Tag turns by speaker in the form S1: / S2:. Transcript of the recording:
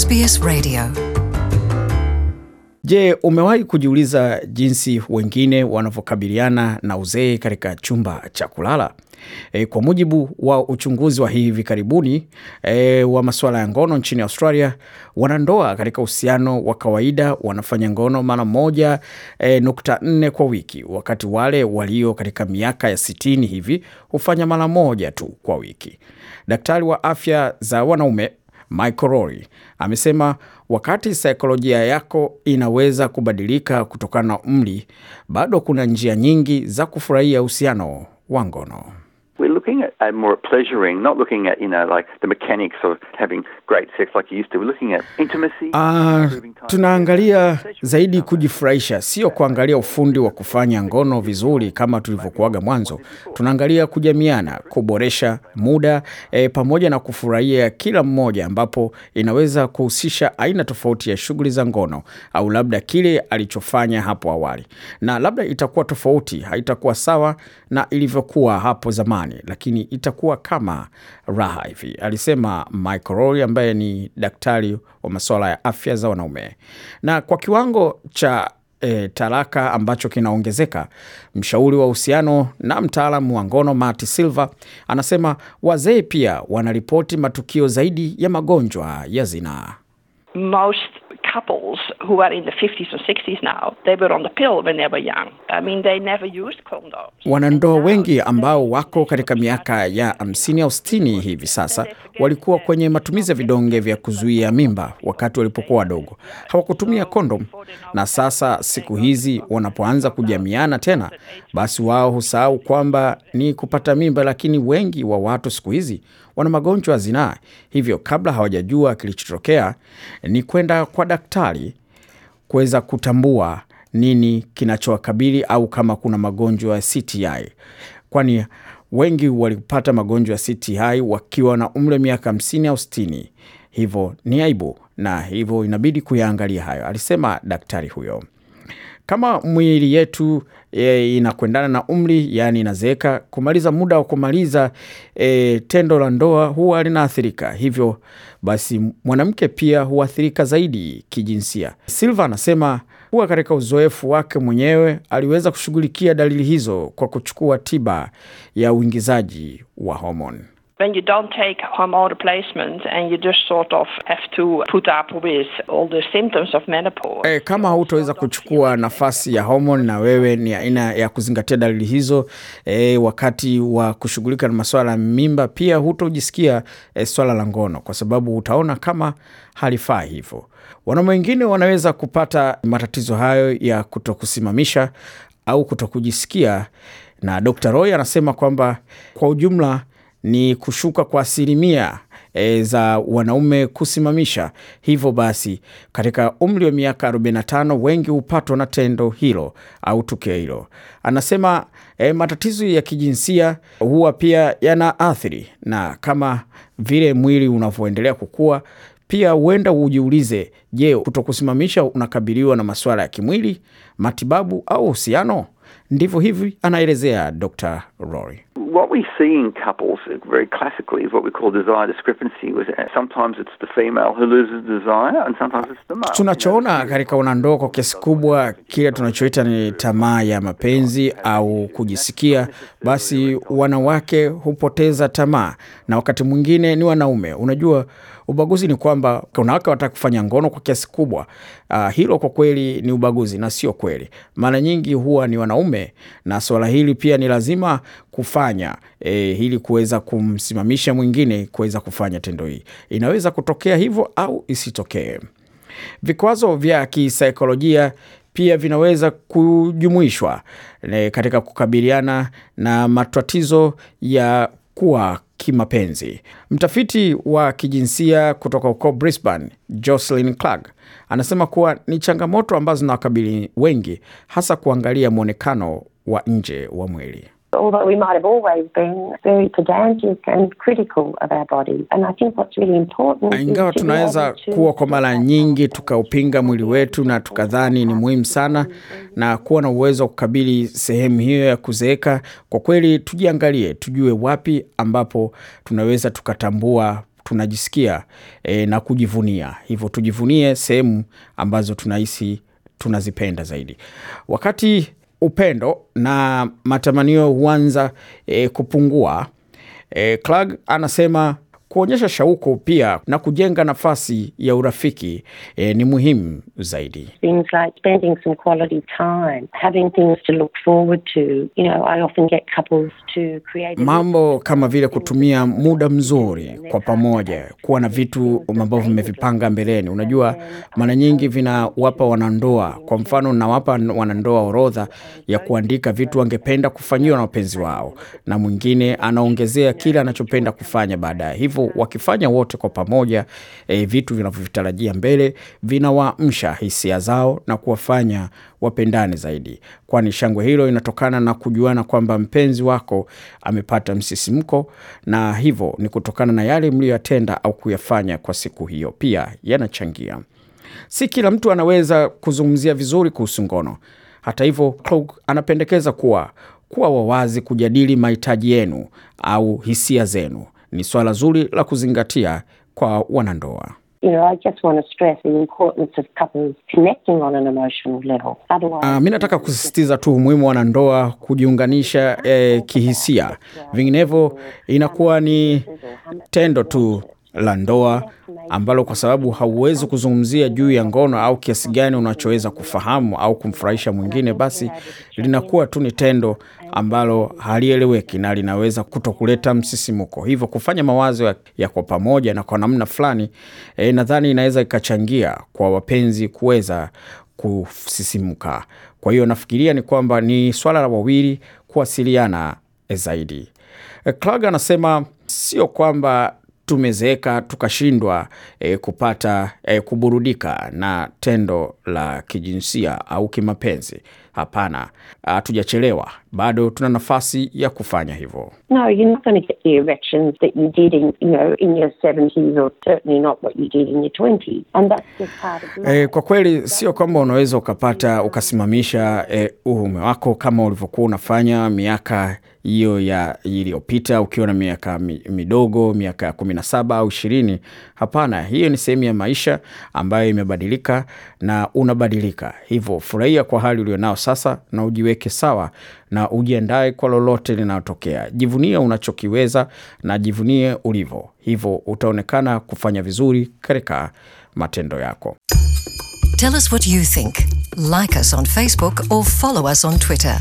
S1: SBS Radio. Je, umewahi kujiuliza jinsi wengine wanavyokabiliana na uzee katika chumba cha kulala? E, kwa mujibu wa uchunguzi wa hivi karibuni e, wa masuala ya ngono nchini Australia, wanandoa katika uhusiano wa kawaida wanafanya ngono mara moja e, nukta nne kwa wiki, wakati wale walio katika miaka ya sitini hivi hufanya mara moja tu kwa wiki. Daktari wa afya za wanaume Michael Rory amesema wakati saikolojia yako inaweza kubadilika kutokana na umri, bado kuna njia nyingi za kufurahia uhusiano wa ngono a more pleasuring, not looking at, you know, like the mechanics of having great sex like you used to. We're looking at intimacy. Uh, tunaangalia zaidi kujifurahisha, sio kuangalia ufundi wa kufanya ngono vizuri kama tulivyokuaga mwanzo. Tunaangalia kujamiana, kuboresha muda e, pamoja na kufurahia kila mmoja, ambapo inaweza kuhusisha aina tofauti ya shughuli za ngono au labda kile alichofanya hapo awali, na labda itakuwa tofauti, haitakuwa sawa na ilivyokuwa hapo zamani, lakini itakuwa kama raha hivi, alisema Michael Rory ambaye ni daktari wa masuala ya afya za wanaume. Na kwa kiwango cha E, talaka ambacho kinaongezeka, mshauri wa uhusiano na mtaalamu wa ngono Mati silver anasema wazee pia wanaripoti matukio zaidi ya magonjwa ya zinaa. Most couples who are in the 50s and 60s now, they were on the pill when they were young. I mean, they never used condoms. Wanandoa wengi ambao wako katika miaka ya 50 au 60 hivi sasa walikuwa kwenye matumizi ya vidonge vya kuzuia mimba wakati walipokuwa wadogo. Hawakutumia kondom, na sasa siku hizi wanapoanza kujamiana tena, basi wao husahau kwamba ni kupata mimba, lakini wengi wa watu siku hizi wana magonjwa ya zinaa, hivyo kabla hawajajua kilichotokea ni kwenda kwa daktari kuweza kutambua nini kinachowakabili au kama kuna magonjwa ya CTI, kwani wengi walipata magonjwa ya CTI wakiwa na umri wa miaka 50 au 60. Hivyo ni aibu na hivyo inabidi kuyaangalia hayo, alisema daktari huyo. Kama mwili yetu e, inakwendana na umri, yani inazeeka, kumaliza muda wa kumaliza e, tendo la ndoa huwa linaathirika. Hivyo basi mwanamke pia huathirika zaidi kijinsia. Silva anasema huwa katika uzoefu wake mwenyewe aliweza kushughulikia dalili hizo kwa kuchukua tiba ya uingizaji wa homoni when you don't take hormone replacement and you just sort of have to put up with all the symptoms of menopause. E, kama hutoweza kuchukua nafasi ya hormone na wewe ni aina ya kuzingatia dalili hizo e, wakati wa kushughulika na masuala ya mimba, pia hutojisikia e, swala la ngono kwa sababu utaona kama halifaa hivyo. Wanaume wengine wanaweza kupata matatizo hayo ya kutokusimamisha au kutokujisikia, na Dr. Roy anasema kwamba kwa ujumla ni kushuka kwa asilimia e, za wanaume kusimamisha. Hivyo basi katika umri wa miaka 45 wengi hupatwa na tendo hilo au tukio hilo. Anasema e, matatizo ya kijinsia huwa pia yana athiri na kama vile mwili unavyoendelea kukua pia huenda ujiulize, je, kutokusimamisha unakabiliwa na masuala ya kimwili, matibabu au uhusiano? Ndivyo hivi anaelezea Dr. Rory what we see in couples very classically is what we call desire discrepancy. Uh, sometimes it's the female who loses desire and sometimes it's the male. Tunachoona katika wanandoa kwa kiasi kubwa kile tunachoita ni tamaa ya mapenzi au kujisikia, basi wanawake hupoteza tamaa na wakati mwingine ni wanaume. Unajua, ubaguzi ni kwamba wanawake wanataka kufanya ngono kwa kiasi kubwa. Uh, hilo kwa kweli ni ubaguzi na sio kweli. Mara nyingi huwa ni wanaume, na swala hili pia ni lazima kufanya e, ili kuweza kumsimamisha mwingine kuweza kufanya tendo hii. Inaweza kutokea hivyo au isitokee. Vikwazo vya kisaikolojia pia vinaweza kujumuishwa e, katika kukabiliana na matatizo ya kuwa kimapenzi. Mtafiti wa kijinsia kutoka huko Brisbane, Jocelyn Clark, anasema kuwa ni changamoto ambazo zinawakabili wengi, hasa kuangalia mwonekano wa nje wa mwili although we might have always been very pedantic and critical of our body. And I think what's really important. Ingawa tunaweza kuwa kwa mara nyingi tukaupinga mwili wetu na tukadhani ni muhimu sana, na kuwa na uwezo wa kukabili sehemu hiyo ya kuzeeka, kwa kweli tujiangalie, tujue wapi ambapo tunaweza tukatambua tunajisikia e, na kujivunia. Hivyo tujivunie sehemu ambazo tunahisi tunazipenda zaidi. Wakati upendo na matamanio huanza e, kupungua. E, Clark anasema kuonyesha shauku pia na kujenga nafasi ya urafiki e, ni muhimu zaidi. Mambo kama vile kutumia muda mzuri kwa pamoja, kuwa na vitu ambavyo vimevipanga mbeleni. Unajua, mara nyingi vinawapa wanandoa, kwa mfano, nawapa wanandoa orodha ya kuandika vitu wangependa kufanyiwa na wapenzi wao, na mwingine anaongezea kile anachopenda kufanya baadaye hivyo wakifanya wote kwa pamoja e, vitu vinavyovitarajia mbele vinawaamsha hisia zao na kuwafanya wapendane zaidi, kwani shangwe hilo inatokana na kujuana kwamba mpenzi wako amepata msisimko, na hivyo ni kutokana na yale mliyoyatenda au kuyafanya kwa siku hiyo, pia yanachangia. Si kila mtu anaweza kuzungumzia vizuri kuhusu ngono. Hata hivyo, anapendekeza kuwa kuwa wawazi kujadili mahitaji yenu au hisia zenu ni swala zuri la kuzingatia kwa wanandoa. Uh, mi nataka kusisitiza tu umuhimu wa wanandoa kujiunganisha eh, kihisia, vinginevyo inakuwa ni tendo tu la ndoa ambalo kwa sababu hauwezi kuzungumzia juu ya ngono au kiasi gani unachoweza kufahamu au kumfurahisha mwingine, basi linakuwa tu ni tendo ambalo halieleweki na linaweza kutokuleta msisimuko. Hivyo kufanya mawazo ya kwa pamoja na kwa namna fulani e, nadhani inaweza ikachangia kwa wapenzi kuweza kusisimuka. Kwa hiyo nafikiria ni kwamba ni swala la wawili kuwasiliana zaidi. Eh, Clag anasema sio kwamba tumezeeka tukashindwa e, kupata e, kuburudika na tendo la kijinsia au kimapenzi. Hapana, hatujachelewa, bado tuna nafasi ya kufanya hivyo. No, E, kwa kweli sio kwamba unaweza ukapata ukasimamisha e, uume wako kama ulivyokuwa unafanya miaka hiyo ya iliyopita ukiwa na miaka midogo miaka kumi na saba au ishirini. Hapana, hiyo ni sehemu ya maisha ambayo imebadilika na unabadilika. Hivyo furahia kwa hali ulionao sasa na ujiweke sawa na ujiandae kwa lolote linalotokea. Jivunie unachokiweza na jivunie ulivo hivyo utaonekana kufanya vizuri katika matendo yako. Tell us what you think. Like us on Facebook or follow us on Twitter.